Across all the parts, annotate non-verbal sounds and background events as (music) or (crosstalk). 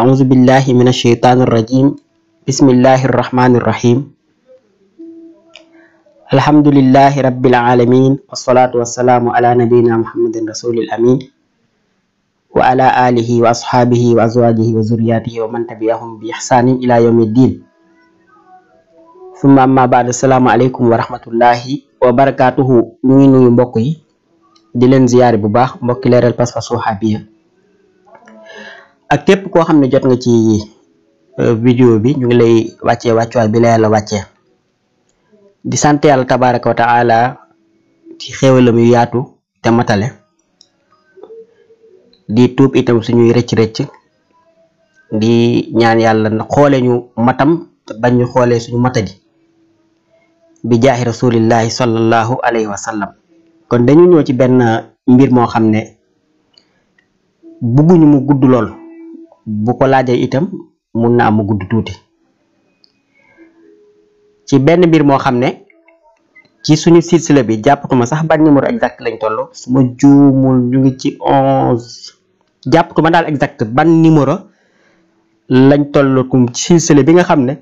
أعوذ بالله من الشيطان الرجيم بسم الله الرحمن الرحيم الحمد لله رب العالمين والصلاة والسلام على نبينا محمد رسول الأمين وعلى آله وأصحابه وأزواجه وزرياته ومن تبعهم بإحسان إلى يوم الدين ثم أما بعد السلام عليكم ورحمة الله وبركاته نوي نوي دلن دي زياري بباخ مبقي ليرال بس فسوحة ak képp koo xam ne jot nga ci euh, vidéo bi ñu ngi lay wàccee wàccuwaay bi la yàlla wàccee di sant yàlla tabaraka wa taala ci xéewalam yu yaatu te matale di tuub itam suñuy rëcc-rëcc di ñaan yàlla xoole ñu matam bañ ñu xoole suñu matadi bi jaahi rasulillahi sallallahu alayhi wa sallam kon dañu ñëw ci benn mbir moo xam ne bugguñu mu gudd lool bu ko laajee itam mun naa ma gudd tuuti ci benn mbir moo xam ne ci suñu silsila bi jàppatuma sax ban numéro exact lañ toll su ma juumul ñu ngi ci onze jàppatuma daal exact ban numéro lañ toll kum silsila bi nga xam ne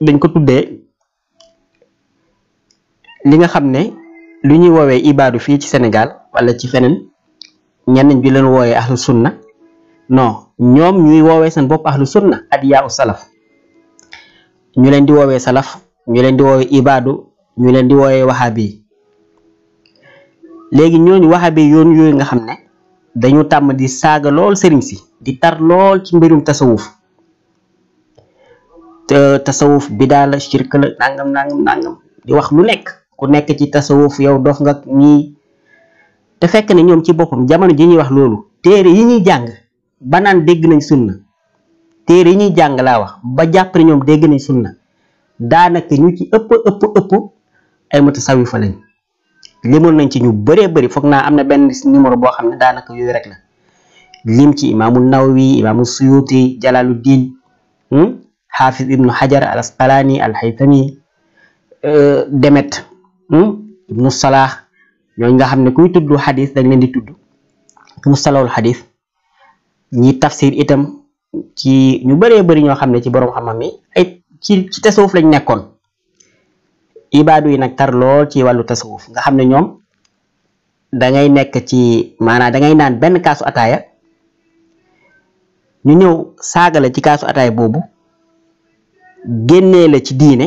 dañ ko tuddee li nga xam ne li ñuy woowee ibaadu fii ci senegal walla ci feneen ñenn ñi leen woowee ahlu na non ñoom ñuy woowee seen bopp ahlu sunna adiyaa u salaf ñu leen di woowee salaf ñu leen di woowee ibaadu ñu leen di woowee wahabi léegi ñooñu wahabi yoon yooyu nga xam ne dañu tàmm di saaga lool sëriñ si di tar lool ci mbirum tasawuf te tasawuf bi daal shirk la nangam nangam nangam di wax lu nekk ku nekk ci tasawuf yow dof nga ñii te fekk ne ñoom ci boppam jamono ji ñuy wax loolu téere yi ñuy jàng Banan naan nañ sunna téré ñi jang la wax ba japp nañ sunna daanaka ñu ci ëpp ëpp ëpp ay fa lañ limoon nañ ci ñu bëré bëri fokk na amna na numéro bo xam ne daanaka yooyu rek la lim ci an nawawi imaamul suyuti jalaluddin hafiz hmm? ibnu hajar al asqalani al haythami, euh, demet hmm? ibnu salah, ñoo nga xam kuy tuddu hadith dañ leen di tuddu hadith ñi tafsir itam ci ñu baree bari ñoo xam ne ci boroom xam mi ay ci ci tasawuf lañ nekkoon ibaadu yi nag tar lool ci wàllu tasawuf nga xam ne ñoom da nekk ci maanaa da ngay naan benn kaasu ataaya ñu ñëw saaga la ci kaasu ataaya boobu génnee la ci diine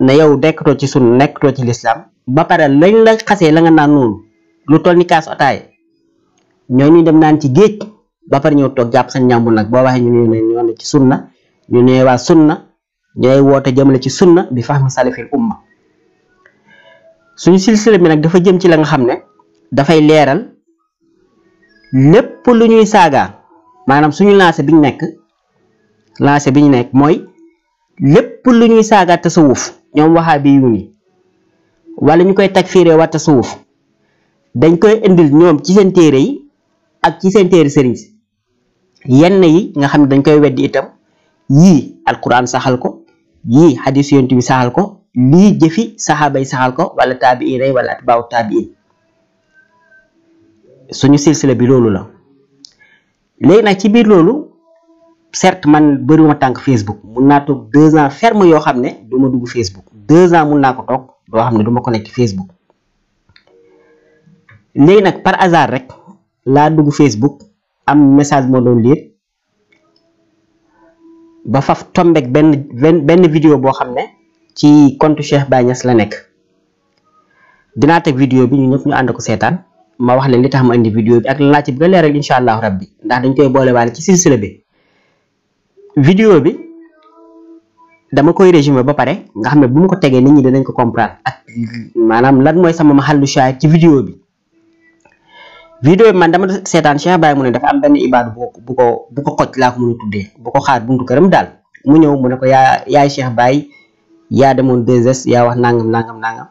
na yow dekktoo ci sunu nekktoo ci lislaam ba pare lañ la xasee la nga naan noonu lu toll ni kaasu ataaya ñoo ñu dem naan ci géej ba pare ñëw toog jàpp sañ njàmbur nag boo waxee ñu ne ñoo ne ci sunna ñu ne waa sunna ñooy woote jëmale ci sunna bi fahmi salafil umma suñu silsila bi nag dafa jëm ci la nga xam ne dafay leeral lépp lu ñuy saagaan maanaam suñu lancé bi ñu nekk lancé bi ñu nekk mooy lépp lu ñuy saagaa tasawuf ñoom waxaa bi yu ni wala ñu koy takfiiree waa tasawuf dañ koy indil ñoom ci seen téere yi ak ci seen téere sëriñ si yenn yi nga xam ne dañ koy weddi itam yii alquran saxal ko yii xadis yonent bi saxal ko lii jëfi saxaaba yi saxal ko wala taabiin rey wala atbaaw taabiin suñu silsila bi loolu la léegi nag ci biir loolu certes man bëriwuma tànk Facebook mun naa toog deux ans ferme yoo xam ne du dugg Facebook deux ans mun naa ko toog doo xam ne du ma connecté Facebook léegi nag par hasard rek laa dugg Facebook am message moo doon lire ba faf tombeek benn benn benn vidéo boo xam ne ci conte Cheikh Baye Niass la nekk dinaa teg vidéo bi ñu ñëpp ñu ànd ko seetaan ma wax leen li tax ma indi vidéo bi ak lan laa ci bëgg a leeral incha allahu rabbi ndax dañ koy boole waale ci silsila bi vidéo bi dama koy résumé ba pare nga xam ne bu mu ko tegee nit ñi dinañ ko comprendre ak maanaam lan mooy sama maxallu shaahid ci vidéo bi Video man dama setan Cheikh Baye mu ne dafa am ben ibad bu ko bu ko xoj la ko mën tuddé bu ko xaar buntu kërëm dal mu ñew mu ne ko yaa yaay Cheikh Baye yaa demone des s yaa wax nangam nangam nangam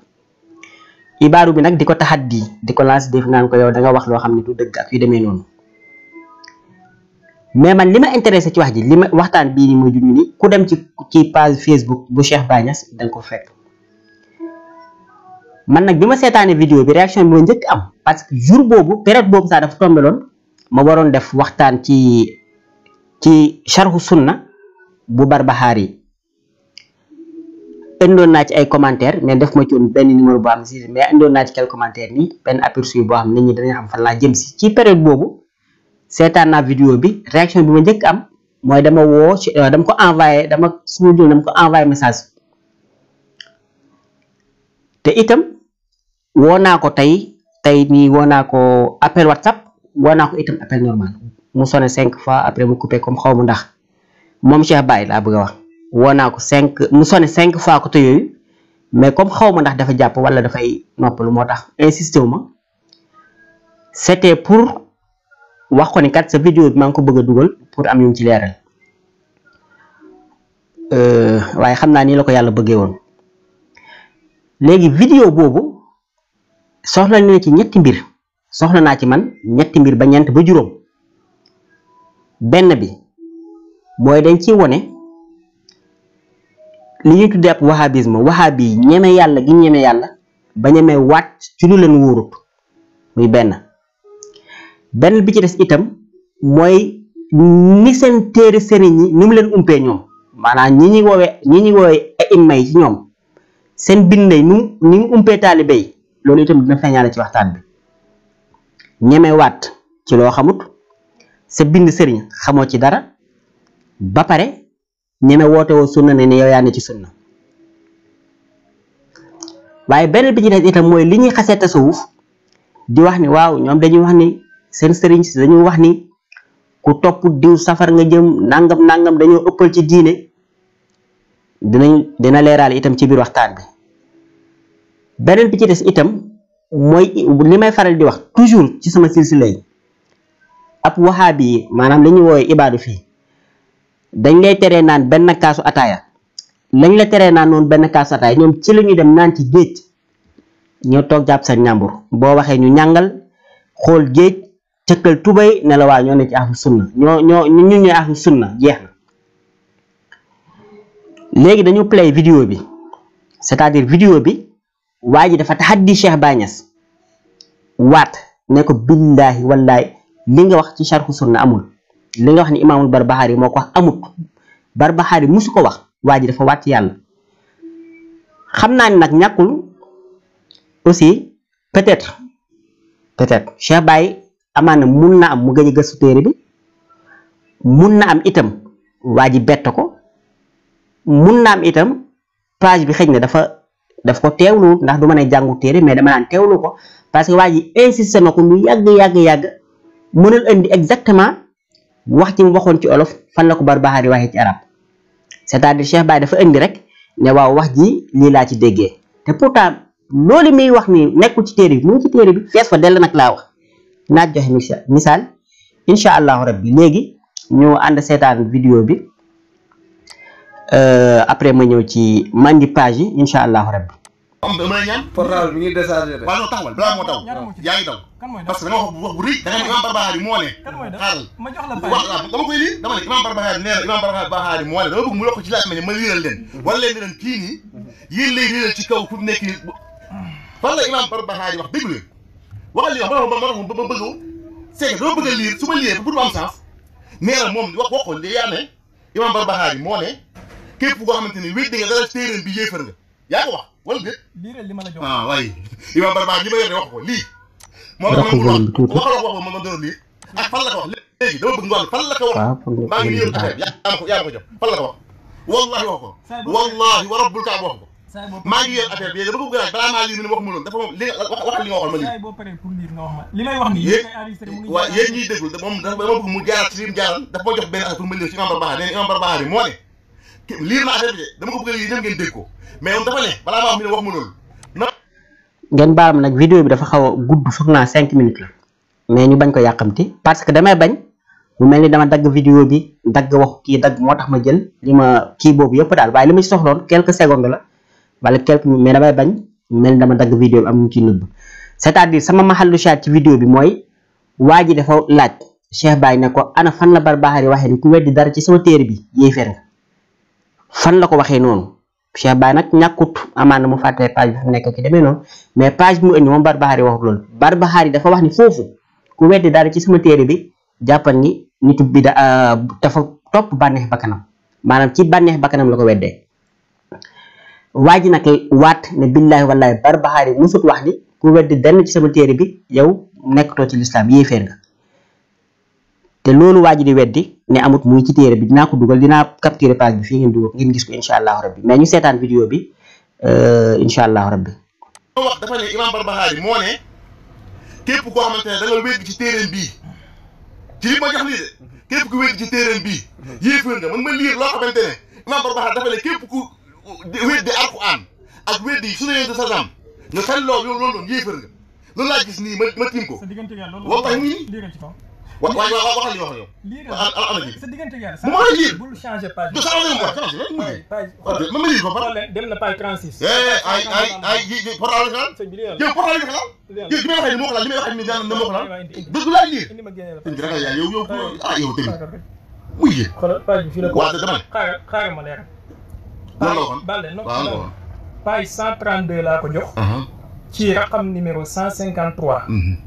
ibadu bi nak diko tahaddi diko lance def nan ko yow da nga wax lo xamni du deug ak yu démé non mais man lima intéressé ci wax ji lima waxtaan ni mo ku dem ci ci page Facebook bu Cheikh Baye Niass da nga ko fekk man nak bima ma seetaanee vidéo bi réaction bi mo ñëk am parce que jour bobu période bobu sa dafa tomber loon ma waron def waxtaan ci ci sharh sunna bu Barbahari yi na ci ay commentaire mais def ma ci woon benn numéro bu am ci mais indoon na ci quel commentaire ni ben aperçu bu am nit ñi dañu xam fa la jëm ci ci période bobu seetaan na vidéo bi réaction bi ma njëkk am moy dama wo ci euh, dama ko envoyer dama suñu jël dama ko envoyer message te itam. woo naa ko tey tey nii woo naa ko appel whatsapp woo naa ko itam appel normal mu sonné cinq fois après mu coupé comme xaw mu ndax moom Cheikh Baye laa bëgg a wax woo naa ko cinq mu sonné cinq fois ko yooyu mais comme xaw ma ndax dafa jàpp wala dafay noppalu moo tax insisté wu ma c'était pour wax ko ni kat sa vidéo maa ngi ko bëgg dugal pour am ñu ci leeral euh, waaye xam naa nii la ko yàlla bëggee woon léegi vidéo boobu. soxla na ci ñetti mbir soxla naa ci man ñetti mbir ba ñent ba juroom benn bi mooy dañ ci wone li ñu tuddee ab wahabisme wahabi yi ñeme yàlla gi ñeme yàlla ba ñeme waat ci lu leen wóorut muy benn benn bi ci des itam mooy ni seen téere sëriñ ñi ni mu leen umpee ñoom maanaam ñi ñi woowee ñi ñi woowee ay immay ci ñoom seen nu ni mu umpee loolu itam dina feeñaale ci waxtaan bi ñemewaat ci loo xamut sa bind sëriñ xamoo ci dara ba pare ñeme woote woo sunna ne ne yow yaa ci sunna waaye beneen bi ci itam mooy li ñuy xasee tasawuf di wax ni waaw ñoom dañuy wax ni seen sëriñ si dañuy wax ni ku topp diw safar nga jëm nangam nangam dañoo ëppal ci diine dinañ dina leeral itam ci biir waxtaan bi beneen bi ci des itam mooy li may faral di wax toujours ci sama silsila ab waxaab yi maanaam lañuy ñuy woowee ibaadu fii dañ lay teree naan benn kaasu ataaya lañ la teree naan noonu benn kaasu ataaya ñoom ci lañuy dem naan ci géej ñoo toog jàpp sa ñàmbur boo waxee ñu ñàngal xool géej cëkkal tubay ne la ñoo ne ci ahlu sunna ñoo ñoo ñu ñuy ahlu sunna jeex na léegi dañu play vidéo bi c'est-à-dire vidéo bi waa ji dafa taxaddi Cheikh Baye Niass waat ne ko billaahi wallaahi li nga wax ci sharhu sunna amul li nga wax ne imaamul barbaxaari moo ko wax amut barbaxaari musu ko wax waa ji dafa waat ci yàlla xam naa ni nag ñàkkul aussi peut-être peut-être Cheikh Baye amaana mun na am mu gëj a gëstu bi mun na am itam waa ji bett ko mun na am itam page bi xëj na dafa daf ko tewlu ndax duma ne jàngu téré mais dama nan tewlu ko parce que waji insister nako na ko lu yag yàgg yàgg mënul indi exactement wax ci waxon ci olof fan lako ko Barbahari waxee ci arab c'est-à-dire Cheikh bay dafa indi rek ne waaw wax ji lii la ci déggé té pourtant loolu mi wax ni nekku ci téré mu ci téré bi fess fa del nak la wax na jox misaal misaal incha allahu rabbi légui ñu and sétane vidéo bi euh, après ma ñëw ci mandi page yi rabbi am dama lay ñaan. portable mi ngi déchargé ¿eh? de. waaw non taxawal balaa moo taw. yaa ngi taw parce que da nga wax wax bu rëy da nga ne Imam Barbahari moo ne. xaaral wax dama koy lii dama ne Imam Barbahari nee na Imam Barbahari moo ne dama bëgg mu yokk ci laaj ma ne ma réeral leen. wala leen ne leen kii nii yéen lay réeral ci kaw fu mu nekk nii fan la Imam Barbahari wax déglu leen waxal li wax ma ma ma ma bëgg c'est que dama bëgg a liir su ma liiree pour mu am sens nee na moom wax wax ko yaa ne Imam Barbahari moo ne képp koo xamante ni wéy dégg nga dara téeréen bi yéefar nga yaa ko wax wala déet. liiral li ma la jox ah waaye. Imam Barba li ma yor de wax ko lii. moo tax man wax waxal wax ma ma doon lii. ak ah, fan la ko wax léegi dama bëgg nga wax fan la ko wax. waaw fan la ko wax maa ngi yëngu affaire bi yaa ma ko yaa ma ko jox fan la ko wax. wallahi wax ko. wallahi wa rabbul kaaba wax ko. maa ngi yéen affaire bi dama bëgg a balaa maa lii ni wax mu loon dafa moom li wax wax li nga waxoon ma lii. boo paree pour lii nga wax ma li may wax nii. waaw yéen ñiy déglu moom dama bëgg mu jaaral ci li mu jaaral dafa ma jox benn affaire pour ma lii ci Imam Barbaha nee na Imam Barbaha bi moo ne lii ma affaire bi de dama ko ngeen dégg ne wax ma loolu. ngeen baal nag vidéo bi dafa xaw a gudd foog naa cinq minutes la mais ñu bañ ko yàqamti parce que damay bañ mu mel ni dama dagg vidéo bi dagg waxu kii dagg moo tax ma jël li ma kii boobu yëpp daal waaye li ma ci soxloon quelques secondes la wala quelques mais damay bañ mel ni dama dagg vidéo bi am ñu ciy nëbb c'est-à-dire sama maxallu chat ci vidéo bi mooy waa ji dafa laaj Cheikh Baye ne ko ana fan la Barbahari waxee ni ku weddi dara ci sama téere bi yéeféer nga fan la ko waxee noonu Cheikh Baye nag ñàkkut amaana mu fàttee page bi fu nekk ki demee noonu mais page bi mu indi moom Barbahari waxut loolu Barbahari dafa wax ni foofu ku weddi daal ci sama téere bi jàppal ni nitu bi da euh, dafa topp bànneex bakkanam maanaam ci bànneex bakkanam la ko weddee waa ji nag waat ne billaahi wallaahi Barbahari musut wax ni ku weddi denn ci sama téere bi yow nekkatoo ci lislaam yéeféer nga te loolu waa ji di weddi ne amut muy ci téere bi dinaa ko dugal dinaa capturer page bi fii ngeen dugal ngeen gis ko incha allahu rabbi mais ñu seetaan vidéo bi euh, incha allah rabbi. wax dafa ne moo ne képp koo xamante ne da nga ci téereem bii ci li ma jox lii de képp ku wégg ci téereem bi yéeféer nga man ma liir loo xamante ne Imam Barbahari dafa ne képp ku weddi alquran ak weddi su ne sa sam nga sal loolu loolu doon nga loolu laa gis nii ma ma ko. sa wax wax waxal li wax yow. lii la ala ji sa diggante yàlla. mu mën a ji bul changer page. du changer mu page page. ma ma ko par. dem na page 36. ay ay ay ji portable xalaat. sëñ bi yow portable xalaat. yow li may waxee nii moo ko laal li may waxee nii daanaka moo ko laal. du du laa lire. sëñ bi ragal yaa yow yow ah yow tamit. muy yé. page bi fii la ko. waaw dama ne. xaaral ma leer. la waxoon bàlle non non page 132 laa ko jox. ci raqam numéro 153.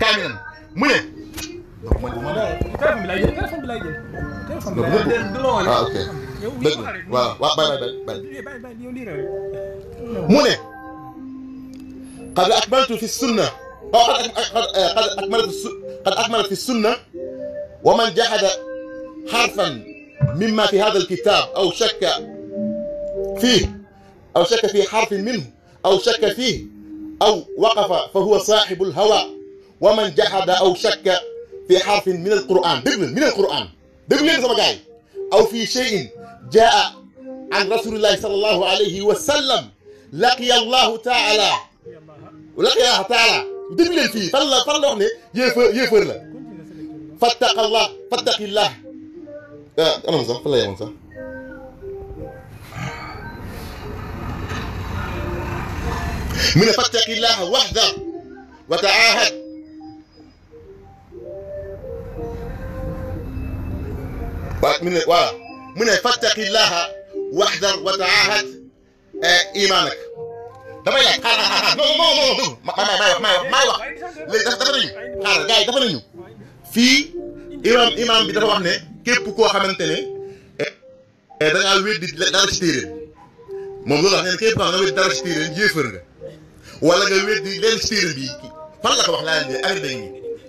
kaamilam mu ne. donc man قد أكملت آه، قد أكملت في السنة ومن جحد حرفا مما في هذا الكتاب أو شك فيه أو شك في حرف منه أو شك فيه أو وقف فهو صاحب الهوى ومن جحد أو شك في حرف من القرآن دغ من القرآن دقل سما جاي أو في شيء جاء عن رسول الله صلى الله عليه وسلم لقي الله تعالى ولقي الله تعالى دقل فيه فلا فلا وخني يفر يفر له فاتق الله فاتق الله آه، أنا مزا فلا يا مزا من فاتق الله وحده وتعاهد waa mu ne waaw mu ne fattaqillaha wahdar wa taahad eh, imanak damay laaj xaaral xaaral non non non dégg nga maa maa maa maa wax léegi dafa dafa nañu xaaral gars yi dafa nañu fii imaam imaam bi dafa wax ne képp koo xamante ne eh, da ngaa weddi dara ci téere moom loolu wax ne képp koo xam ne weddi dara ci téere yéefar nga wala nga weddi leen ci téere bi fan la ko wax laa leen dee arrêté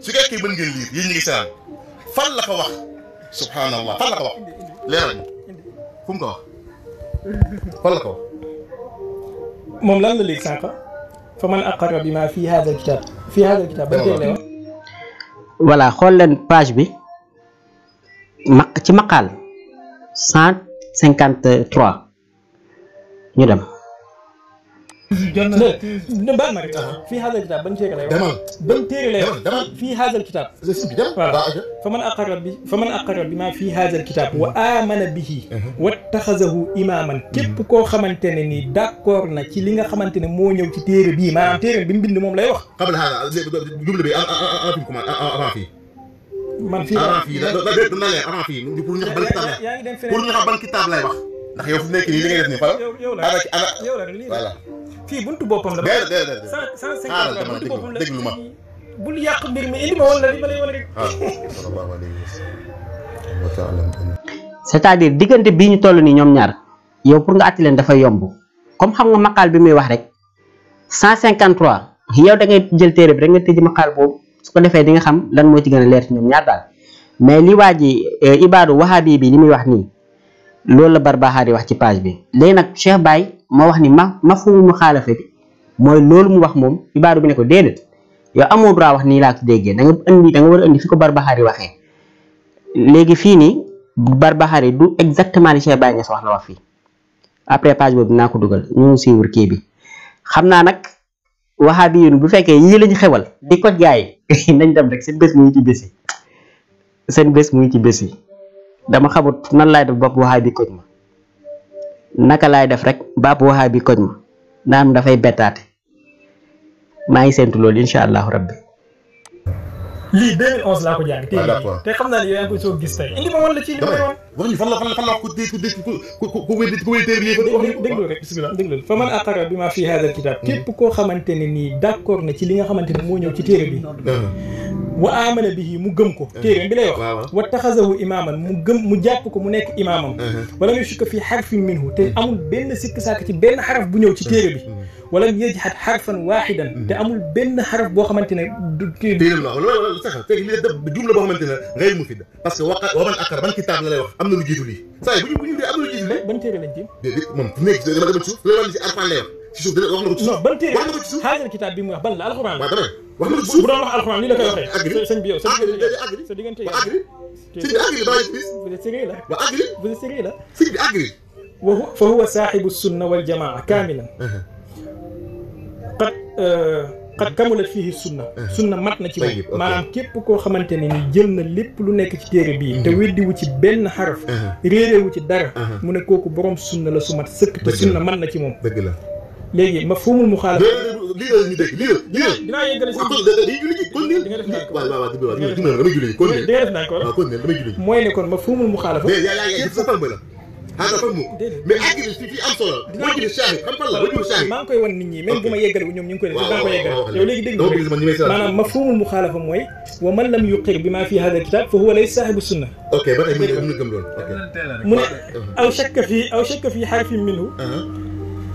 su mën ngeen lire yéen ñu ngi fan la ko wax. subhanallah fan la ko wax leeral fu mu ko wax fan la ko wax moom lan la léegi sànq fa man aqarra bi ma fi hada alkitab fi hada alkitab ba tey leeral voilà xool leen page bi ma ci maqaal cent cinquante trois ñu dem baal ma rek fii haadal kitaab ban téere lay wax ban téere lay wax fii haadal kitaab voilà fa man aqara bi fa man aqara bi ma fii haadal kitaab wa aamana bihi wattaxazahu imaaman képp koo xamante ne ni d'accord na ci li nga xamante ne moo ñëw ci téere bii maanaam téere bi mu bind moom lay wax qabla haada jumla bi avant fii man fii avant fii la dina leer avant fii pour ñu xam ban kitaab pour ñu xam ban kitaab lay wax yow la yow la voilà. fii c'est-à-dire diggante bii ñu toll nii ñoom ñaar yow pour nga àtti leen dafay yomb comme xam nga maqaal bi muy wax rek cent 153 yow da ngay jël téere bi rek nga tëj maqaal boobu su ko defee di nga xam lan moo ci gën a leer ci ñoom ñaar daal mais li waa ji euh, Ibaadu Wahabi bi li muy wax nii. loolu la Barbahari wax ci page bi léegi nag Cheikh baay moo wax ni ma mafhumu muxaalafa bi mooy loolu mu wax moom ibaadu bi ne ko déedéet yow amoo droit wax nii laa ko déggee da nga indi da nga war a indi léegi fii nii Barbahari du exactement li Cheikh Baye Niass wax la wax fii après page boobu naa ko dugal ñu siiwur kii bi xam naa nag waxaabi yéen bu fekkee yii lañu xewal di ko jaay (laughs) nañ dem rek seen bés muy ci bési seen bés muy ci bési dama xamut nan laay def bopp waxaay bi koj ma naka laay def rek bapp waxaay bi koj ma naan dafay bettaate maa ngi séntu loolu incha allahu rabbi lii 2011 laa ko jàng. waaw ah, d'accord te xam naa ne yow yaa ngi koy soog gis tey. indi ma woon la ci li ma woon. wax ñu fan la fan la fan la ko ku lii. déglu man aqara bi ma fi haadal kitaab. Hmm. képp koo xamante ne nii d'accord na ci li nga xamante ne moo ñëw ci téere bi. Hmm. wa bi bihi mu gëm ko. Hmm. téere bi lay wax. wa taxazahu imaaman mu gëm mu jàpp ko mu nekk imaamam. wala mu shukka fii harfin minhu te amul benn sikk sàkk ci benn xaraf bu ñëw ci téere bi ولم يجحد حرفا واحدا تامل بين حرف بو خمانتيني ديرم لا لا لا تخا تي لي دب جمله بو خمانتيني غير مفيده باسكو وقت ومن اكر بان كتاب لا لا وخ امنا لو جيتو لي صاي بو نيو دي امنا لو جيتو لي بان تيري لنجي دي مون نيك دا غا بتشوف لا لا سي ارفا لير سي شوف دي واخنا لو تشوف بان تيري واخنا لو تشوف هذا الكتاب بي مخ بان لا القران واخنا لو تشوف بو دا واخ القران لي لا كاي واخ سن بيو سن اجري سن ديغنتي اجري سيدي اجري باي بيس بو دي سيري لا واخ اجري بو دي سيري لا سيدي اجري وهو فهو صاحب السنه والجماعه كاملا xat xat kamula fii sunna sunna mat na ci way maanaam képp koo xamante ne ni jël na lépp lu nekk ci téere bii te weddiwu ci benn xaraf réeréewu ci dara mu ne kooku borom sunna la su mat sëkk te sunna mat na ci moom dëgg la léegi ma foomul mu xaala lii la ñu dégg lii la lii la dinaa yëgale si kon xanaa fan mu mais àggali si fii am solo wajulu shahid xam fan la wajulu shahid maa ngi koy wan nit ñi même bu ma yeggal ñoom ñu ngi koy def maa ngi koy yeggal yow léegi dégg nga maanaam mafhumul muxaalafa mooy wa man lam yuqir bi ma fi hada alkitab fa huwa lay saahibu sunna ok ba tey mu ne am na gëm loolu mu ne aw shakka fii aw shakka fii xarfin minhu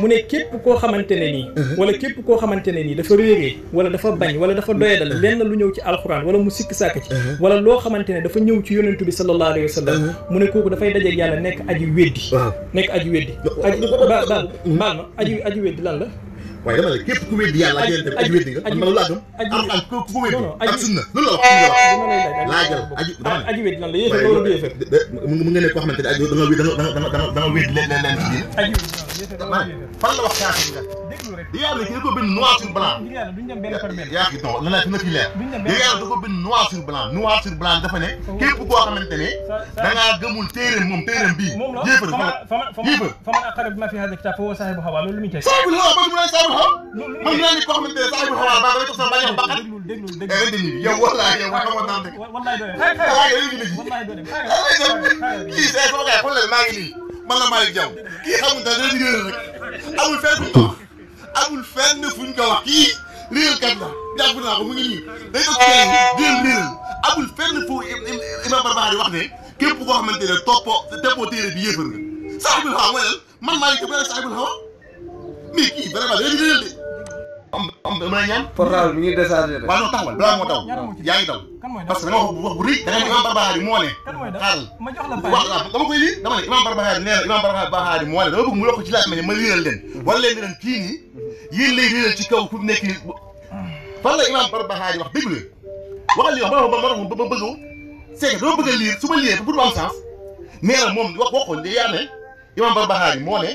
mu ne képp koo xamante ne nii. Uh-huh. wala képp koo xamante ne nii dafa réeree. wala dafa bañ wala dafa doyadal uh-huh. lenn lu ñëw ci alxuraan wala mu sikk sàkk ci. Uh-huh. wala loo xamante ne dafa ñëw ci yonentu bi sallallahu alayhi wa sallam. mu ne kooku dafay dajeeg yàlla nekk aji weddi. nekk aji weddi. aji baal ma aji aji weddi lan la. waaye dama ne képp ku weddi yàlla ak yonent bi aji weddi nga man ma laa gëm alxuraan ku ku weddi ak sunna loolu la wax laajal aji dama ne aji weddi lan la yéex loolu du yéex mu nga ne koo xamante ne aji danga danga danga weddi leneen leneen ci diin dama ne fan la wax kaafir nga yàlla ki da ko bind noir sur blanc yaa ngi non la na fi leer yàlla da ko bind noir sur blanc noir sur blanc dafa ne képp koo xamante ne da ngaa gëmul téeréem moom téeréem bii yéefar yéefar faman aqara bi ma fi hada kitab fa huwa saahibu hawa loolu lu muy teg saahibu hawa man mu ne saahibu hawa man mu ne koo xamante ne saahibu hawa ba day toog sama bañeex baaxat déglu yow wallaahi yow xamoon naa dëgg wallaahi doy na kii c'est maa ngi nii man la Malick Diaw kii xamul dara dina rek amul fekk amul fenn ñu ko wax kii réelkat la jàpp naa ko mu ngi nii day toog kenn déel réel amul fenn fu Imam Barbahari wax ne képp koo xamante ne toppoo teppoo téere bi yéefar nga saahibul hawa mooy lan man maa ngi ko bëri saahibul hawa mais kii vraiment day réel de am am na ñaan. portable bi ngi déchargé de. waaw non taxawal balaa moo daw. yaa ngi daw. parce que da nga wax wax bu rëy. da nga ne Imam Barbahari moo ne. xaaral wax la dama koy lii dama ne Imam Barbahari nee na Imam Barbahari moo ne dama bëgg mu yokk ci laaj ma ne ma liiral leen. wala leen leen kii nii yéen lay liiral ci kaw fu mu nekk nii fan la Imam Barbahari wax déglu leen waxal li wax ba ma ma ma bëgg c'est que dama bëgg a liir su ma liiree bu du am sens nee na moom wax waxoon yaa ne Imam Barbahari moo ne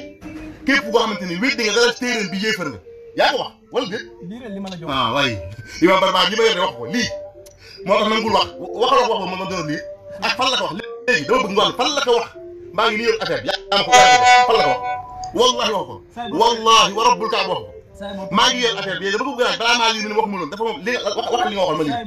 képp koo xamante ni wéet nga dara ci téeréen bi yéefar nga yaa ko wax wala déet. lii rek li ma la jox ah waaye li ma barbaat li ma yor de wax ko lii moo tax nangul wax waxaloo ko wax ba ma door lii ak fan la ko wax léegi dama bëgg nga wax fan la ko wax maa ngi lii yor affaire bi yaa ma ko fan la ko wax. wallahi wax ko wallahi wa rabbul kaab wax ko maa ngi yor affaire bi yéen dama bëgg a balaa maa lii nii wax mu noonu dafa moom li wax wax li nga waxoon ma lii.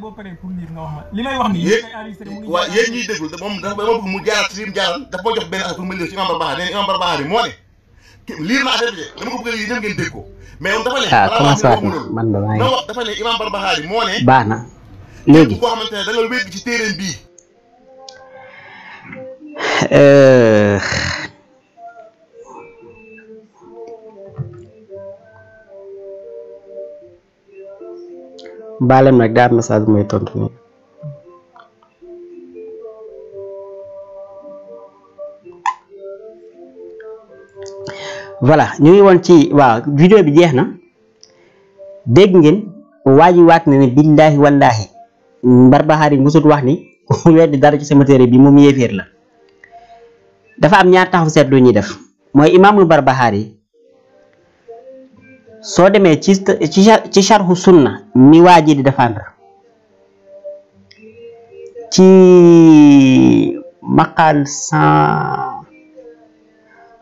li may wax nii waaw yéen ñuy déglu moom dafa dama bëgg mu jaaral ci li mu jaaral dafa ma jox benn affaire pour ma lii ci imam Barbaha nee na imam Barbaha bi moo ne liir na affaire bi de dama ko bëgg lii ñëpp ngeen dégg ko mais ah, ah, man imam Barbahari moo ne baax na léegi da nga wégg ci téeréem bii baalem nag daa am message tontu voilà ñu ngi ci waaw vidéo bi jeex na dégg ngeen waa ji waat na ne billaahi wallaahi Barbahari musut wax ni ku weddi dara ci sama téere bi moom yéeféer la dafa am ñaar taxaw seetlu ñuy def mooy imaamul Barbahari soo demee ci ci charhu sunna mi waa ji di défendre ci maqaal cent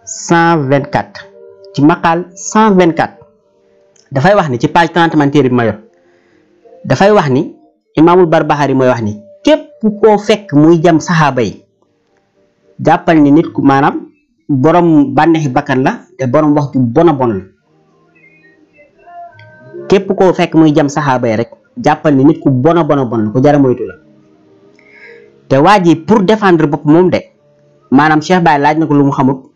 124 ci maqaal 124 dafay wax ni ci page 30 man téere dafay wax ni imaamul barbaxari mooy wax ni képp koo fekk muy jam saxaaba yi jàppal ni nit maanaam borom bànneexi bakkan la te borom képp koo fekk muy jam saxaaba yi rek jàppal ni nit ku bon a bon ku jara la te waa ji pour défendre bopp moom de maanaam Cheikh Baye laaj na ko lu mu xamut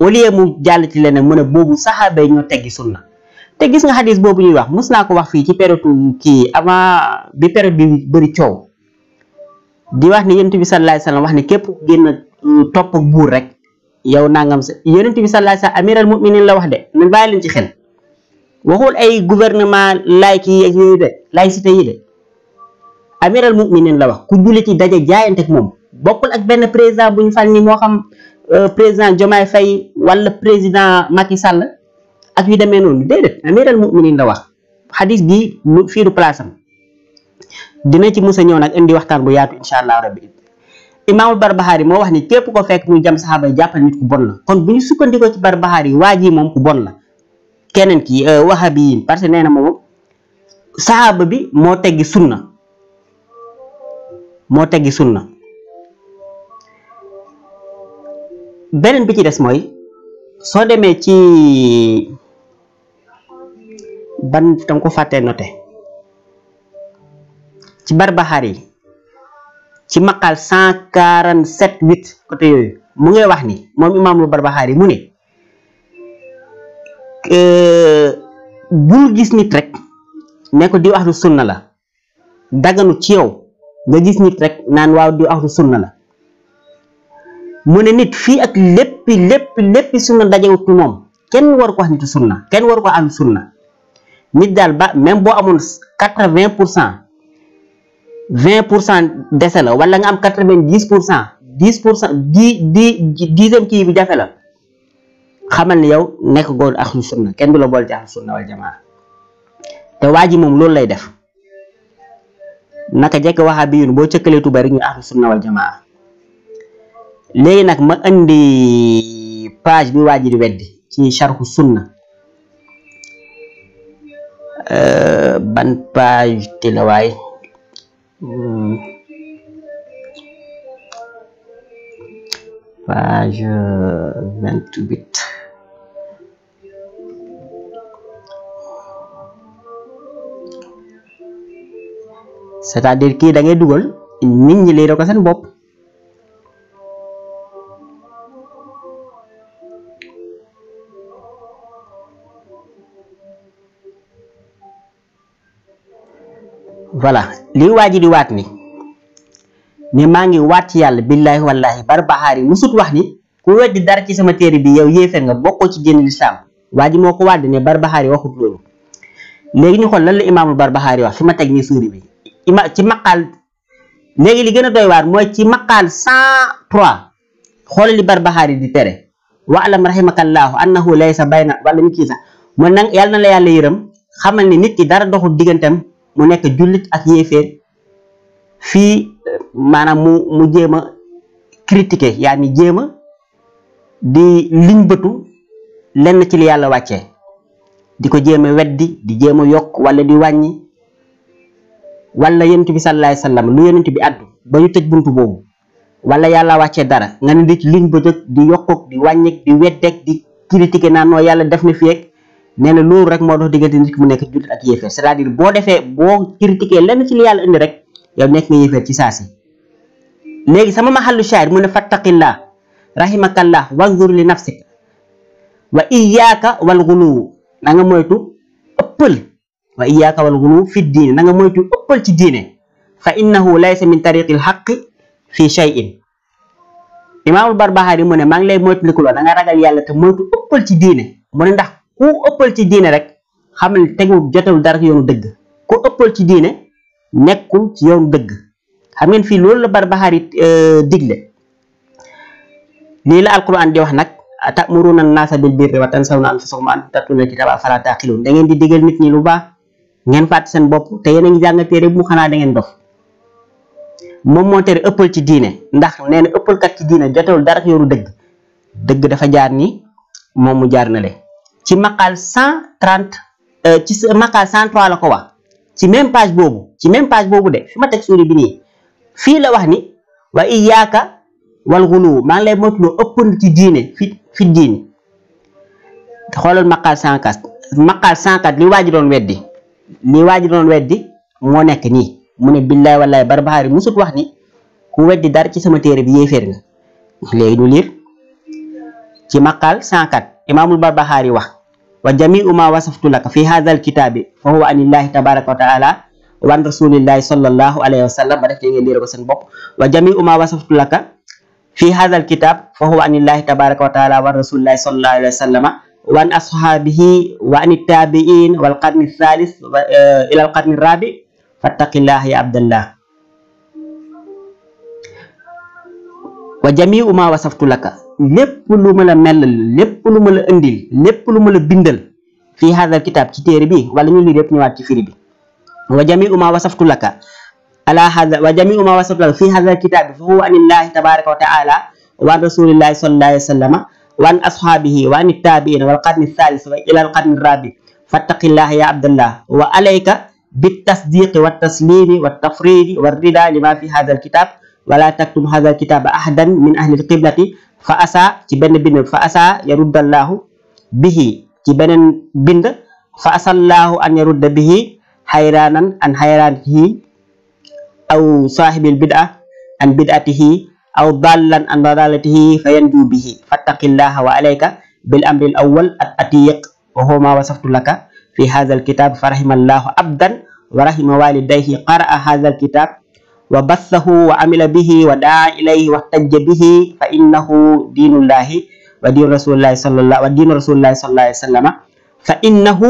au lieu mu jàll ci leneen mu na boobu saxaaba yi ñoo teggi sunna te gis nga xadis boobu ñuy wax mus naa ko wax fii ci période ki avant bi période bi bëri coow di wax ni yonent bi sallallahu alayhi wasallam wax ne képp génn uh, topp ak buur rek yow nangam sa yonent bi sax alayhi wasallam amiral mu'minin la wax de ñu bàyyi leen ci xel waxul ay gouvernement laïc ki ak yooyu de laïcité yi de amiral mu'minin la wax ku julli ci daje moom bokkul ak benn président bu ñu fal ni moo xam Euh, président jomay fay wala président Macky Sall ak yu demé non déedéet amiral muminin la wax hadith bi lu du place am dina ci musa ñew nak indi waxtan bu yaatu inshallah rabbi imam barbahari mo wax ni kep ko fek muy jam sahaba jappal nit ku bon la kon buñu sukkandiko ci barbahari waji mom ku bon la kenen ki euh, wahabi parce que nee na sahaba bi mo teggi sunna mo teggi sunna beneen bi ci des mooy soo demee ci ban danga ko fàttee noté ci barbaxaar yi ci maqal cent quarante sept huit côté yooyu mu ngay wax ni moom imaamul barbaxaar yi mu ne euh, bul gis nit rek ne ko diw ahlu sunna la daganu ci yow nga gis nit rek naan waaw diw ahlu sunna la mu ne nit fii ak léppi lépp lépp sunna dajewut ci moom kenn waru ko wax nitu sunna kenn waru ko am sunna nit daal ba même boo amul quatre-vingt pour cent vingt pour cent dese la wala nga am quatre-vingt-dix pour cent dix pour cent dix dix dixième kii bi jafe la xamal ne yow nekk góor ahlu sunna kenn du la boole ci ahlu sunna wal te waa ji moom loolu lay def naka jekk waxaa bi boo cëkkalee tuba rek ñu ahlu sunna wal jamaa legi nak ma andi page bi waa di weddi ci sharhu sunna euh, ban page ti la waay hmm. page euh, vingt-huit c'est-à-dire ki da ngay dugal nit ñi lay ko sen bop voilà li waji di wat ni ni mangi wat yalla billahi wallahi barbahaari musut wax ni ku wedd dar ci sama téere bi yow yéeféer nga bokko ci génn l'islam waji moko wad ni bar bahari waxut lolu legi ni xol lan la imaamul barbahaari wax fima tek ni suri bi ima ci maqaal legi li gëna doy war moy ci 103 xol li barbahari di tere wa alam rahimakallaahu annahu laysa bayna wala ñu kii sax mooy nang yalla na la yalla yeeram xamal ni nit ki dara doxul digganteem mu nekk jullit ak yéeféer fii maanaam mu mu jéem a critiquer yaa ni jéema di liñ bëtu lenn ci li yàlla wàccee di ko jéem a weddi di jéem a yokk wala di wàññi wala yonent bi sallallahu alayhi wasallam lu yonent bi addu ba ñu tëj buntu boobu wala yàlla wàccee dara nga ne di liñ bëtëg di yokkoog di wàññeeg di weddeeg di critiquer naan noo yàlla def na fi ak nee na loolu rek moo dox diggante nit mu nekk jullit ak yéeféer cest à boo defee boo critiqué lenn ci li yàlla indi rek yow nekk nga yéeféer ci saasi léegi sama ma maxallu shaahid mu ne fattaqillah rahimakallah wanzur li nafsik wa iyaaka wal guluw na nga moytu ëppal wa iyaaka wal guluw fi diine na nga moytu ëppal ci diine fa innahu laysa min tariqi lxaqi fi shay'in imaamul barbaxaari mu ne maa ngi lay moytu likuloo da nga ragal yàlla te moytu ëppal ci diine mu ku ëppal ci diine rek xam ne tegul jotewul dara ci dëgg ku ëppal ci diine nekkul ci yoonu dëgg xam ngeen fii loolu la Barbahari euh, digle lii la alquran di wax nag ta'muruna an-nasa bil birri wa tansawna anfusakum wa antum tatluna al-kitaba da ngeen di digal nit ñi lu baax ngeen fàtte seen bopp te yéen a ngi jàng bu xanaa da ngeen dof moom moo tere ëppal ci diine ndax nee na ëppalkat ci diine jotewul dara ci yoonu dëgg dëgg dafa jaar ni moom mu jaar na le ci maqaal 130 euh, ci maqaal 103 la ci même page boobu ci même boobu de fi ma teg suuri bi nii fii la wax ni wa iyaaka wal xuluw maa ngi lay moytuloo ëppal ci diine fi fi diine xoolal maqaal 104 maqaal 104 li waa ji doon weddi li waa ji doon weddi moo nekk nii mu ne billaay wallaay barbaxaari musut wax ni ku weddi dara ci sama téere bi yéeféer nga léegi ñu liir ci maqaal 104 imaamul barbaxaari wax wa jamiu ma wasaftu laka fi hadha alkitaabi fa huwa anillahi tabaraka wa taala wa an rasulillahi sallallahu alayhi wa sallam ba def ngeen liir ko seen bopp wa jamiu ma wasaftu laka fi hadha alkitab fa huwa anillahi tabaraka wa taala wa an rasulillahi sallallahu alayhi wa sallama wa an ashaabihi wa an ittaabiin wal qarni thalith eh, ila al qarni rabi fattaqillah ya abdallah wa jamiu ma wasaftu laka lépp lu la mel lépp lu la indil lépp lu ma la bindal fii haadal kitaab ci téere bi wala ñu lii lépp ñëwaat ci firi bi wa jamiu ma wasaftu laka ala hada wa jamiu ma wasaftu laka fii haadal kitaabi huwa anillahi tabaraka wa taala wa an sallallahu alayhi wa wa an ashaabihi wa an ittaabiina wal qarni thalis wa ila al qarni rabi fattaqillaha ya abdallah wa alayka بالتصديق والتسليم والتفريد والرضا لما في هذا الكتاب ولا تكتم هذا الكتاب أحدا من أهل القبلة fa asa ci benn bind fa asa yaruddallaahu bihi ci beneen bind fa asallaahu an yarudda bihi xayraanan an xayraanihi aw saaxibil bid'a an bid'atihi aw dallan an dalatihi fa yanju bihi fattaqillaha wa alayka bil amri al awwal at atiq wa huwa ma wasaftu laka fi hadha al kitab fa rahimallahu abdan wa rahima walidayhi qara'a hadha al kitab وبثه وعمل به ودعا إليه واحتج به فإنه دين الله ودين رسول الله صلى الله ودين رسول الله صلى الله عليه وسلم فإنه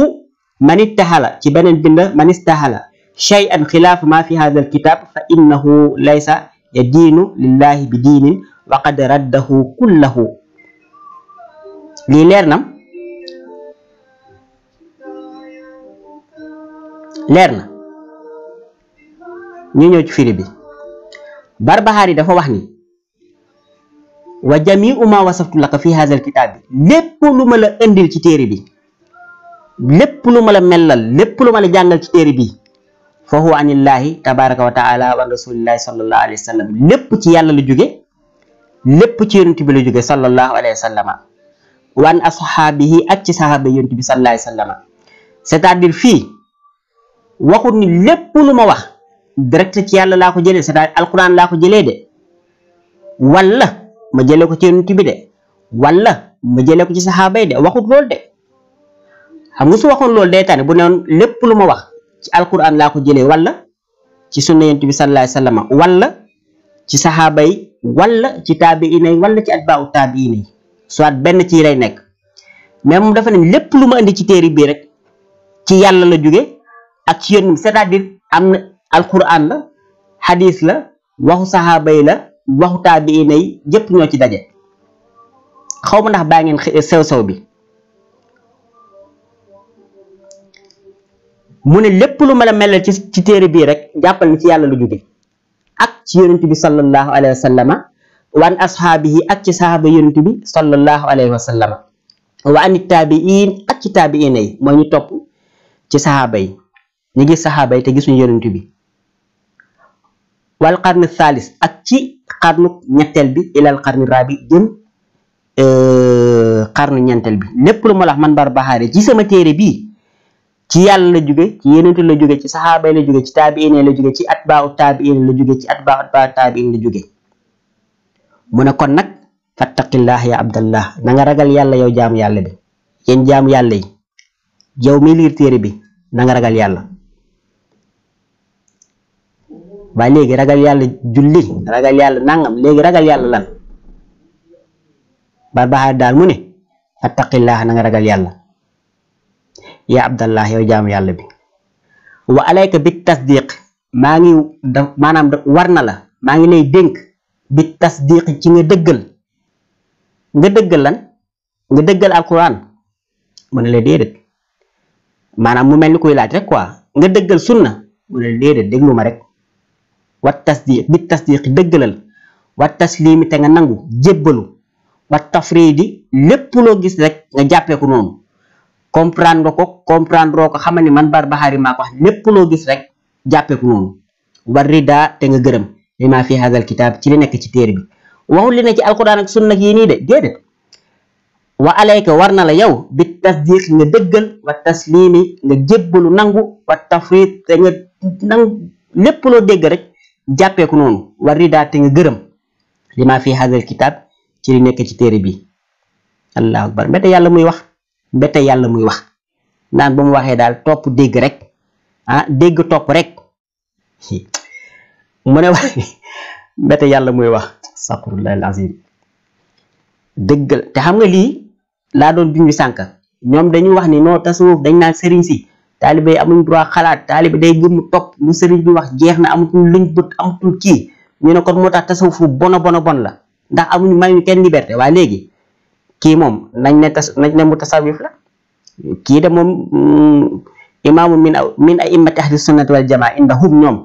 من استهل كبن بند من استهل شيئا خلاف ما في هذا الكتاب فإنه ليس يدين لله بدين وقد رده كله ليرنا ليرنا ñu ñëw ci firi bi Barbahari dafa wax ni wa jamiu ma wasaftu laka fi haazal kitaab lépp lu ma la indil ci téere bi lépp lu ma la mellal lépp lu ma la jàngal ci téere bi fa huwa anillaahi tabaraka wa taala wa rasulillahi sallallahu wa sallam lépp ci yàlla la jóge lépp ci yonent bi la jóge sallallahu alayhi wa sallama wan asxaabihi ak ci saxaaba yonent bi sallallahu wa sallama cest fii waxut ni lépp lu ma wax direct ci yàlla laa ko jëlee c'est-à-dire alquran laa ko jëlee de walla ma jëlee ko ci yonent bi de walla ma jëlee ko ci saxaaba yi de waxut loolu de xam nga su waxoon loolu day tane bu newoon lépp lu ma wax ci alquran laa ko jëlee walla ci sunna yonent bi sallallahu alayhi wasallam walla ci saxaaba yi walla ci taabiina yi walla ci atbaa'u taabiina yi soit benn ci lay nekk mais moom dafa lépp lu ma indi ci téere bii rek ci yàlla la jóge ak ci yonent bi cest alquran la xadis la waxu saxaaba yi la waxu taabiina yi yëpp ñoo ci daje xaw ma ndax baa ngeen sew-sew bi mu ne lépp lu ma la melal ci ci téere bii rek jàppal ni ci yàlla lu jóge ak ci yonent bi sallallahu alayhi wa sallama waan yi ak ci saxaaba yonent bi sallallahu alayhi wa sallama wa anit taabiin ak ci taabiina yi mooy ñu topp ci saxaaba yi ñu gis saxaaba yi te gisuñu yonent bi wal xarni saalis ak ci xarnu ñetteel bi ilal xarni raabi jëm xarnu euh, ñeenteel bi lépp lu ma man Bara Baaxaare ci sama téere bi ci yàlla la jóge ci yenentu la jóge ci saxaaba yi la jóge ci taabiine la jóge ci atbaau taabiine la jóge ci atbaau atbaau taabiine la jóge mu ne kon nag fattaqillah ya abdallah na nga ragal yàlla yow jaamu yàlla bi yéen jaamu yàlla yi yow mi liir téere bi na nga ragal yàlla waaye léegi ragal yàlla julli ragal yàlla nangam léegi ragal yàlla lan barbaxaar daal mu ne attaqillaaha na nga ragal yàlla yaa abdallah yow jaamu yàlla bi wa alayka tasdiq maa ngi da maanaam war na la maa ngi lay dénk bi tasdiq ci nga dëggal nga dëggal lan nga dëggal alquran mu ne la déedéet maanaam mu mel ni kuy laaj rek quoi nga dëggal sunna mu ne la déedéet déglu ma rek wat tasdiq bit tasdiq dëggalal wat taslimi te nga nangu jébbalu wat tafridi lépp loo gis rek nga jàppeeku ko noonu comprendre ko comprendre ko xamal ni man Barbahari maa ko wax lépp loo gis rek jàppeeku ko noonu war ridaa te nga gërëm li maa fi haazal kitaab ci li nekk ci téere bi waxul li ne ci alquran ak sunna yi nii de déedéet wa alayka war na la yow bi tasdiq nga dëggal wa taslimi nga jébbalu nangu wa tafrid te nga nangu lépp loo dégg rek jàppeeku noonu war ridaa te nga gërëm li fi hagal kitaab ci li nekk ci téere bi allahu akbar mbete yàlla muy wax mbete yàlla muy wax naan ba mu waxee daal topp dégg rek ah dégg topp rek (laughs) mu ne wax (laughs) mbete yàlla muy wax astaghfirullah alazim dëggal te xam nga lii laa doon junj sànk ñoom dañuy wax ni noo tasawuf dañ naan sëriñ si talibé amuñ droit xalaat talibé day gëm top lu sëriñ bi wax jeex na amatul luñ bëtt amatul ki ñu ne kon motax fu bono bono bon la ndax amuñ mayuñ kenn liberté wa légui ki mom nañ ne tass nañ ne mutasawif la ki de mom mm, imamu min min a'immati ahli sunat wal jamaa indahum ñom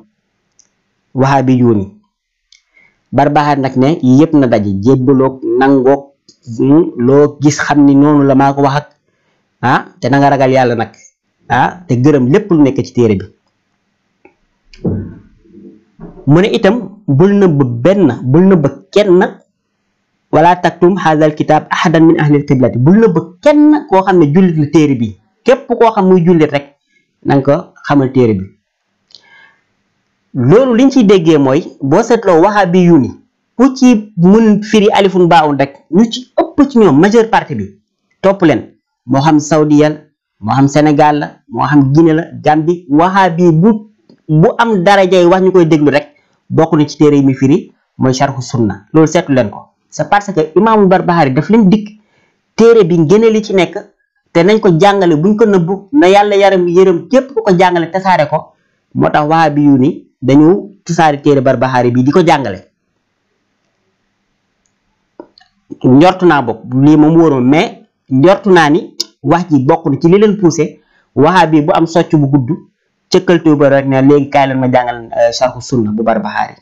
yuni barbahat nak ne yépp na dajé jébbalok nangok mm, lo gis xamni nonu la mako wax ak ha ah, té na nga ragal yalla nak ah te gërëm lépp lu nekk ci téere bi mu ne itam bul nëbb benn bul nëbb kenn wala taktum hadal kitab ahadan min ahlil qiblati bul nëbb kenn koo xam ne jullit la téere bi képp koo xam muy jullit rek na ko xamal téere bi loolu liñ ciy déggee mooy boo seetloo wahabi yu ni ku ci mun firi alifun baawun rek ñu ci ëpp ci ñoom majeure partie bi topp leen moo xam saudiyal moo xam Sénégal la moo xam Guinée la Gambie wahabi bu bu am darajay wax ñu koy déglu rek bokk na ci téere yi mi firi mooy sharhu sunna loolu seetu leen ko c'est parce que imaamu Barbahari daf leen dikk téere bi ngëne li ci nekk te nañ ko jàngale buñ ko nëbbu na yàlla yaram yërëm képp ku ko jàngale tasaare ko moo tax wahabi yu ni dañu tasaare téere Barbahari bi di ko jàngale njortu naa bopp lii moom wóoruma mais njortu naa ni wax ji bokk ci li leen poussé waxaa bi bu am socc bu gudd cëkkaltewu ba rek ne léegi kaay leen ma jàngal euh, sarxu sunna bu barbaxaari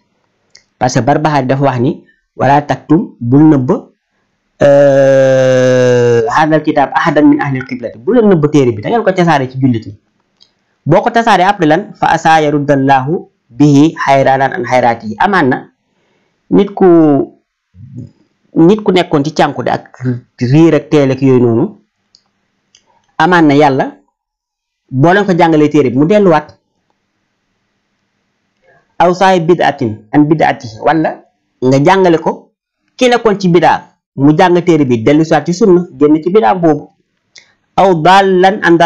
parce que barbaxaari dafa wax ni wala taktum bul nëbba euh, hadal kitaab ahadan min ahlil qiblati bi da ko tasaare ci jullit boo ko tasaaree après lan fa asaa yaruddallaahu bihi xayraanan an xayraati yi amaan na nit ku nit ku nekkoon ci cànku de ak riir ak teel ak yooyu noonu amaan na yàlla boo ko jàngalee téere bi mu delluwaat aw saay bidaatin an bidaati wala nga jàngale ko ki nekkoon ci bidaa mu jàng téere bi dellusiwaat ci sunna génn ci bidaa boobu aw daalan an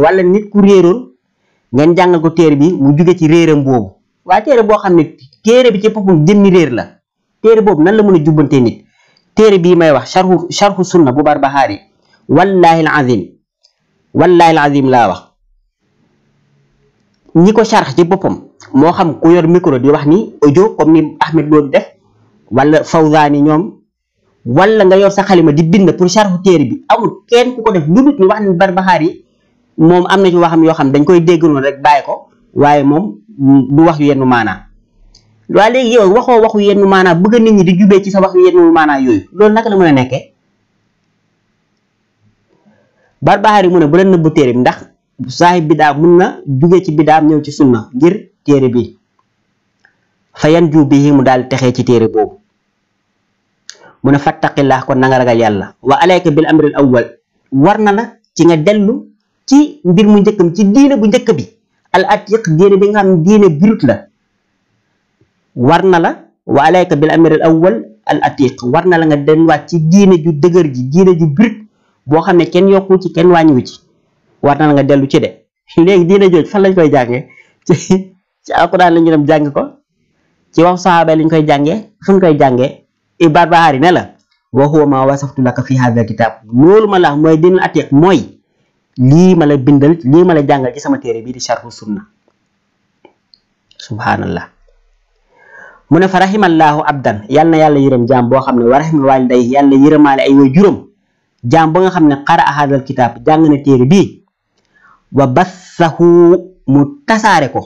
wala nit ku réeroon ngeen jàngal ko téere bi mu ci réeram boobu waaye téere boo xam ne téere bi ci boppam la téere boobu nan la mën a jubbantee nit bii may wax sharhu sharhu sunna bu barbahaari wallaahi al azim wallahi azim laa wax ñi ko sharx ci boppam moo xam ku yor micro di wax ni audio comme ni Ahmed Lo def wala ni ñoom wala nga yor sa xalima di bind pour sharxu téere bi amul kenn ku ko def lu dul ñu wax ni Barbahari moom am na ci waxam yoo xam dañ koy dégg noonu rek bàyyi ko waaye moom du wax yenn maanaa waaye léegi yow waxoo waxu yenn maanaa bëgg nit ñi di jubee ci sa wax yenn maanaa yooyu loolu naka la mën a nekkee Barbahari mu ne bu leen nëbbu téere bi ndax saaxib bidaa mun na jóge ci bidaam ñëw ci sunna ngir téere bi fayan ju bi mu daal texee ci téere boobu mu ne fattaqillah kon na nga ragal yàlla wa alayka bil amril awwal war na la ci nga dellu ci mbir mu njëkkam ci diine bu njëkk bi al atiq diine bi nga xam diine birut la war na la wa alayka bil amril awwal al atiq war na la nga delluwaat ci diine ju dëgër ji diine ju birut boo xam ne kenn yokku ci kenn wàññiwu ci war na nga dellu ci de léegi diina jooj fan lañ koy jànge (laughs) ci ci alxuraan la ñu dem jàng ko ci wax saxaaba lañ koy jànge fuñ koy jànge i barbaari la wa huwa ma wasaftu laka ma la mooy diinul atiq mooy lii ma la bindal lii ma la jàngal ci sama téere bii di sharhu sunna subhanallah mu ne fa rahimallahu abdan yal na yàlla yërëm jaam boo xam ne wa rahima walidayhi yàlla yërëmaale ay way juróom jaam ba nga xam ne xara ahadal kitaab jàng na téere bii wa bassahu mu tasaare ko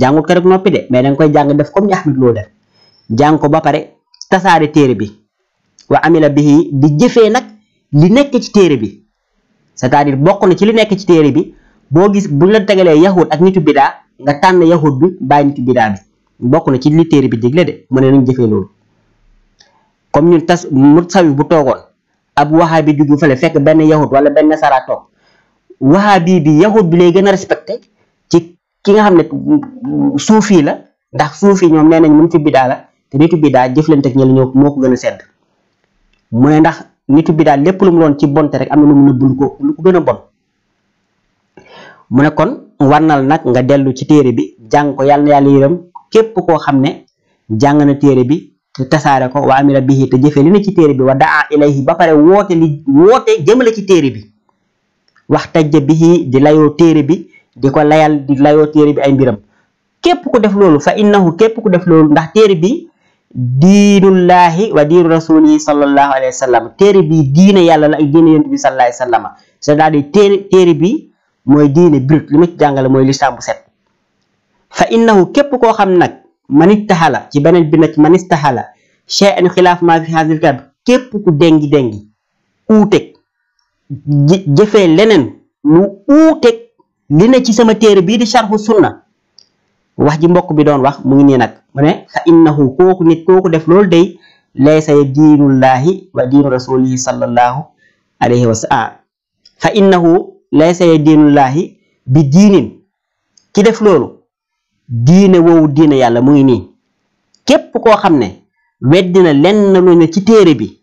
jàngu ko rek noppi de mais koy jàng def comme ni Ahmed Lo def ba pare tasaare téere bi wa amila bihi di jëfee nag li nekk ci téere bi cest à ci li nekk ci téere bi boo gis buñ la tegalee ak nitu bidaa nga tànn yahud bi bàyyi bidaa bi bokk ci téere bi digle de mu ne jëfee loolu comme ñun tas mu sawi bu toogoon ab waxaabi jugu fële fekk benn yahut wala benn nasara toog waxaabi bi yahut bi lay gën a respecté ci ki nga xam ne suufi la ndax suufi ñoom nee nañ mu nitu bidaa la te nitu bidaa jëflante ak ñi la ñoo moo ko gën a sedd mu ne ndax nitu bidaa lépp lu mu doon ci bonte rek am na lu mu nëbbul ko lu ko gën a bon mu ne kon warnal nag nga dellu ci téere bi jàng ko yàlla yàlla yërëm képp koo xam ne jàng na téere bi tasaare ko wa amila bihi te jëfe li na ci téere bi wa daa ilayhi ba pare woote li woote jëmale ci téere bi wax tajja bihi di layoo téere bi di ko layal di layoo téere bi ay mbiram képp ku def loolu fa innahu képp ku def loolu ndax téere bi diinullaahi wa diinu rasulihi sallallahu alayhi wa sallam téere bi diine yàlla la ak diine yonent bi sallallahu alayhi téere téere bi mooy diine brut li ma jàngale mooy lislaam bu set fa innahu képp koo xam nag man taxala ci beneen bi nag man istahala shay'an xilaaf ma fi hasil kitab képp ku dengi dengi uuteeg jëfee leneen lu uuteeg li ne ci sama téere bii di sharhu sunna wax ji mbokk bi doon wax mu ngi nii nag mu ne fa innahu kooku kooku def loolu day laysa diinullaahi wa diinu rasulihi sallallahu alayhi wa sallam ah, fa innahu laysa diinullaahi bi diinin ki def loolu diine woowu diine yàlla mu ngi nii képp koo xam ne weddina lenn lu ne ci téere bi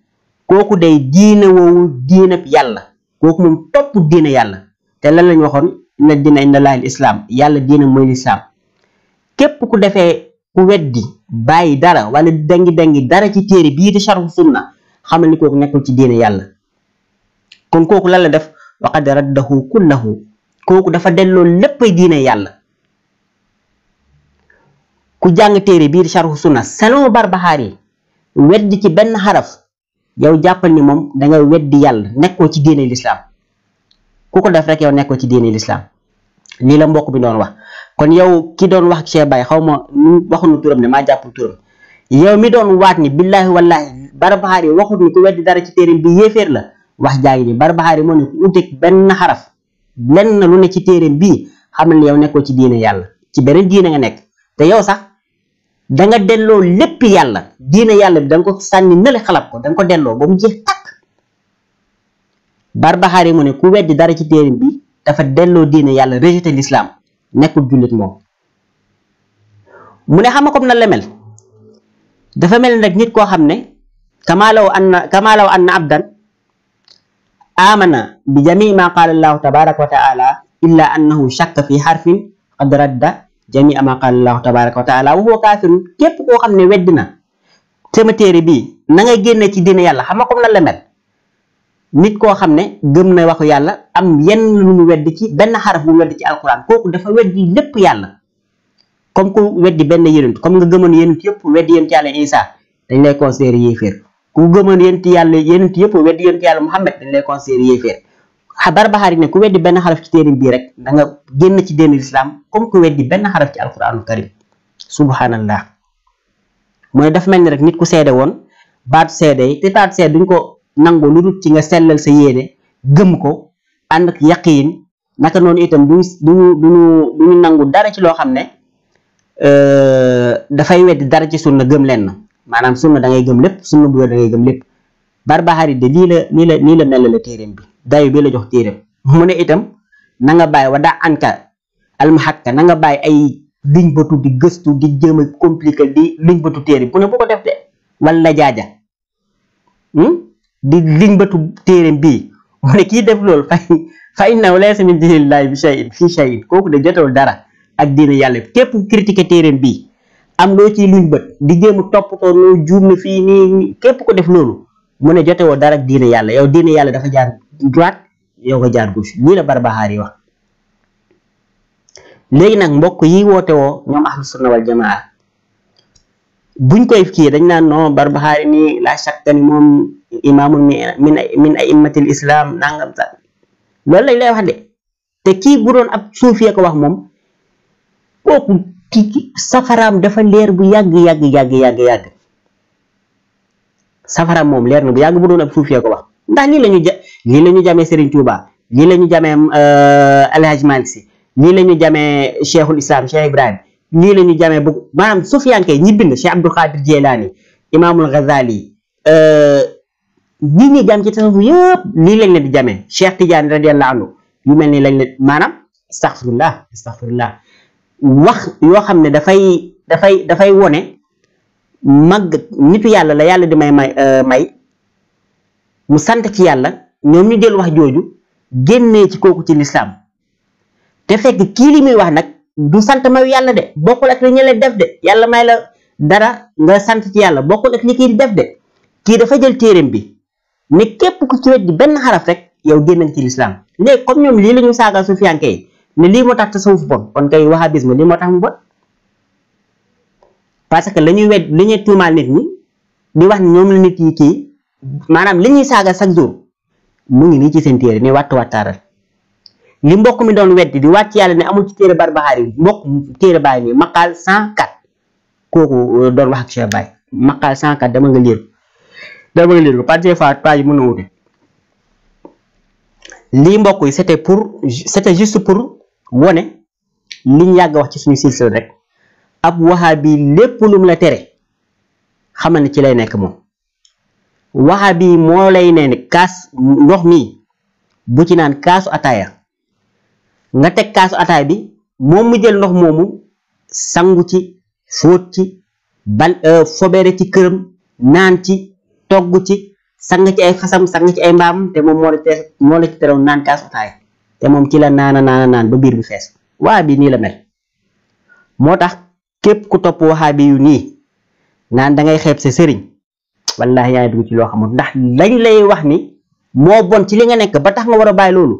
kooku day diine woowu diineb yàlla kooku moom topp diine yàlla te lan lañ waxoon na dina inna laahil islaam yàlla diine mooy lislaam képp ku defee ku weddi bàyyi dara wala dangi dangi dara ci téere bii di sharhu sunna xamal ni kooku nekkul ci diine yàlla kon kooku lan la def waqad raddahu kullahu kooku dafa delloo léppay diine yàlla ku jang téré biir sharh sunna selon Barbahari wedd ci ben haraf yow jappal ni mom da nga wedd yalla nekko ci diiné l'islam kuko def rek yow nekko ci diiné l'islam lii la mbokk bi doon wax kon yow ki doon wax Cheikh bay xawma waxnu turam ne ma jàppul turam yow mi doon wat ni billahi wallahi Barbahari waxut ni ku wedd dara ci téré bi yéfer la wax jaay ni Barbahari mo ne ku uteeg ben haraf len lu ne ci téré bi xamal yow nekko ci diiné yalla ci benen diiné nga nek te yow sax. da delloo lépp yàlla diine yàlla bi da ko sànni nale xalab ko da ko delloo ba mu jeex takk barbaxaari mu ne ku weddi dara ci téerim bi dafa delloo diine yàlla rejeté l'islam nekk jullit moom mu ne xam nga comme na la mel dafa mel na nit koo xam ne kamaalaw anna kamaalaw anna abdan amana bi jamii ma qaala allahu tabaraka wa taala illa annahu shakka fi harfin qad radda jamia ma qaala allahu tabaraka wa taala wa képp koo xam ne weddi na sama téere bii na ngay génne ci diine yàlla xam nga comme nan nit koo xam ne gëm na waxu yàlla am yenn lu mu weddi ci benn xaraf mu weddi ci alquran kooku dafa weddi lépp yàlla comme ku weddi benn yonent comme nga gëmoon yonent yëpp weddi yonent yàlla Isa dañ lay considérer yéeféer ku gëmoon yonent yàlla yonent yëpp weddi yonent yàlla Muhammad dañ lay considérer yéeféer Barbahari ne ku weddi benn xaraf ci téerim bii rek da nga génn ci dénn lislaam comme ku weddi benn xaraf ci alquranul karim subhanallah mooy daf mel ni rek nit ku seede woon baat seede yi te taat ko nangu lu dul ci nga sellal sa yéene gëm ko ànd ak yaqiin naka noonu itam duñu duñu duñu duñu nangu dara loo xam ne euh, dafay weddi dara ci sunna gëm leen na maanaam sunna da ngay gëm lépp sunna bu wér gëm lépp Barbahari de lii la nii la nii la melale bi dayu bi la jox téeram mu ne itam na nga bàyyi wa daa anka almaxakka na nga bàyyi ay liñ batu di gëstu di jéem a compliqué di liñ batu téere bu ne bu ko def de wala jaaja hmm? di liñ batu téeram bii kii def loolu fay fay naw laysa min diinillaahi bi shay'in fii shay'in kooku de dara ak diina yàlla képp critiqué téeram bii am loo ciy luñ bët di jéem a toppatoo noo juum na fii nii képp ko def loolu mu ne jote woo dara ak diine yàlla yow diine yàlla dafa jaar droite yow nga jaar gauche lii la Barbahari wax léegi nag mbokk yi woote woo ñoom ahlu sunna wal buñ koy kii dañ naan non Barbahari moom imaamun min min aimmatil islam nangam lay wax de te kii bu doon ab suufee ko wax moom kooku ki safaraam dafa leer bu yàgg yàgg yàgg yàgg yàgg safara moom leer na bu yàgg bu doon ab suufee ko wax ndax lii la ñu ja lii la ñu jamee Serigne Touba lii la ñu jamee euh, El Hadj Malick Sy lii la jamee Cheikhul Islam Cheikh Ibrahim lii la ñu jamee bu maanaam sufiyanke ñi bind Cheikh Abdul Qadir Jelaani Imaamul Ghazali euh, ñi ñuy jam ci tasawuf yëpp lii lañ leen di jamee Cheikh Tidiane radiyallahu anhu yu mel ni lañ leen maanaam astaghfirullah astaghfirullah wax yoo xam ne dafay dafay dafay wone màgg nitu yàlla la yàlla di may euh, may mu sant ci yàlla ñoom ñu jël wax jooju génnee ci kooku ci lislaam te fekk kii li muy wax nag du sant mayu yàlla de bokkul ak li ñu leen def de yàlla may la dara nga sant ci yàlla bokkul ak li kii di def de kii dafa jël téeréem bi ne képp ku ci wet di benn xaraf rek yow génnañ ci lislaam léegi comme ñoom lii la ñu saaga ne lii moo tax tasawuf bon kon kay wahabisme lii moo tax mu bon parce que la ñuy wet la ñuy tuumaal nit ñi di wax ñoom la nit yi kii maanaam li ñuy saaga chaque jour mu ngi nii ci seen téere ne wattu wattaaral li mbokk mi doon weddi di wàcc yàlla ni amul ci téere barbaxaar yi mbokk téere bàyyi nii maqaal 104 kooku euh, doon wax ak Cheikh Baye dama nga liir dama nga liir ko parce que fois page mën na wute mbokk yi c'était pour c'était juste pour wone liñ yàgg wax ci suñu silsil rek ab wahabi lépp lum la tere xamal ne ci lay nekk moom wahabi moo lay ne kaas ndox mi bu ci naan kaasu ataaya nga teg kaasu ataaya bi moom mu jël ndox moomu sangu ci fóot ci bal euh, fobere ci këram naan ci togg ci sang ci ay xasam sang ci ay mbaam te moom moo la te moo la ci teroon naan kaasu ataaya te moom ci la naana naana naan ba biir bi fees waa bi nii la mel moo tax képp ku topp waxaabi yu nii naan da ngay xeeb sa sëriñ wallahi yaa ngi dugg ci loo xamul ndax lañ lay wax ni moo bon ci li nga nekk ba tax nga war a bàyyi loolu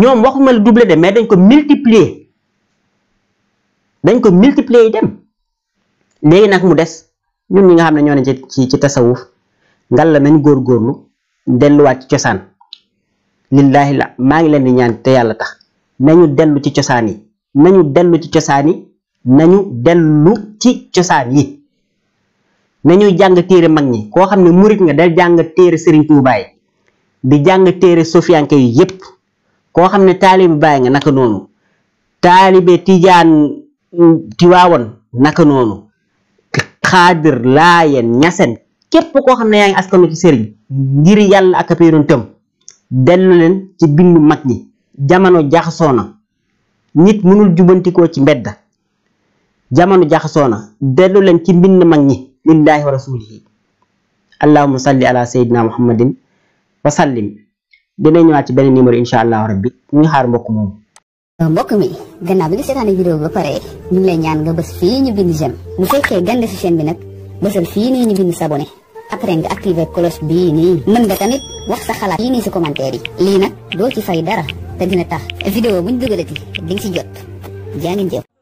ñoom waxumal duble de mais dañ ko multiplier dañ ko multiplier yi dem léegi nag mu des ñun ñi nga xam ne ñoo ne ci ci tasawuf ngal la nañ góorlu delluwaat ci cosaan lillahi la maa ngi leen di ñaan te yàlla tax nañu dellu ci cosaan yi nañu dellu ci cosaan yi nañu dellu ci cosaan ñi nañu jàng téere mag ñi koo xam ne murit nga dal jàng téere Serigne bu yi di jàng téere sofiyanke yi yépp koo xam ne taalibe Baay nga naka noonu taalibe Tijaan Tiwaawan naka noonu xaadir laayeen ñasen képp koo xam ne yaa ngi askanu ci sëriñ ngir yàlla ak apéron tëm dellu leen ci bindu mag ñi jamono jaxasoo na nit mënul jubantikoo ci mbedd Jamanu jaxasoo na dellu leen ci mbind magni ñi lillahi wa rasulihi allahumma salli ala sayyidina muhammadin wa sallim dina ñewati benen numéro inshallah rabbi ñu xaar mbokk mom mbokk mi gannaaw bi setan seetaane ba pare ñu lay ñaan nga bëss fi ñu bind jëm mu fekke gande ci chaîne bi nak bëssal fi nii ñu bind s'abonné après nga activer cloche bi ni mën nga tamit wax sa xalaat yi ni si commentaire yi lii nag ci fay dara te dina tax video buñ dugalati di ci jot jangin jëf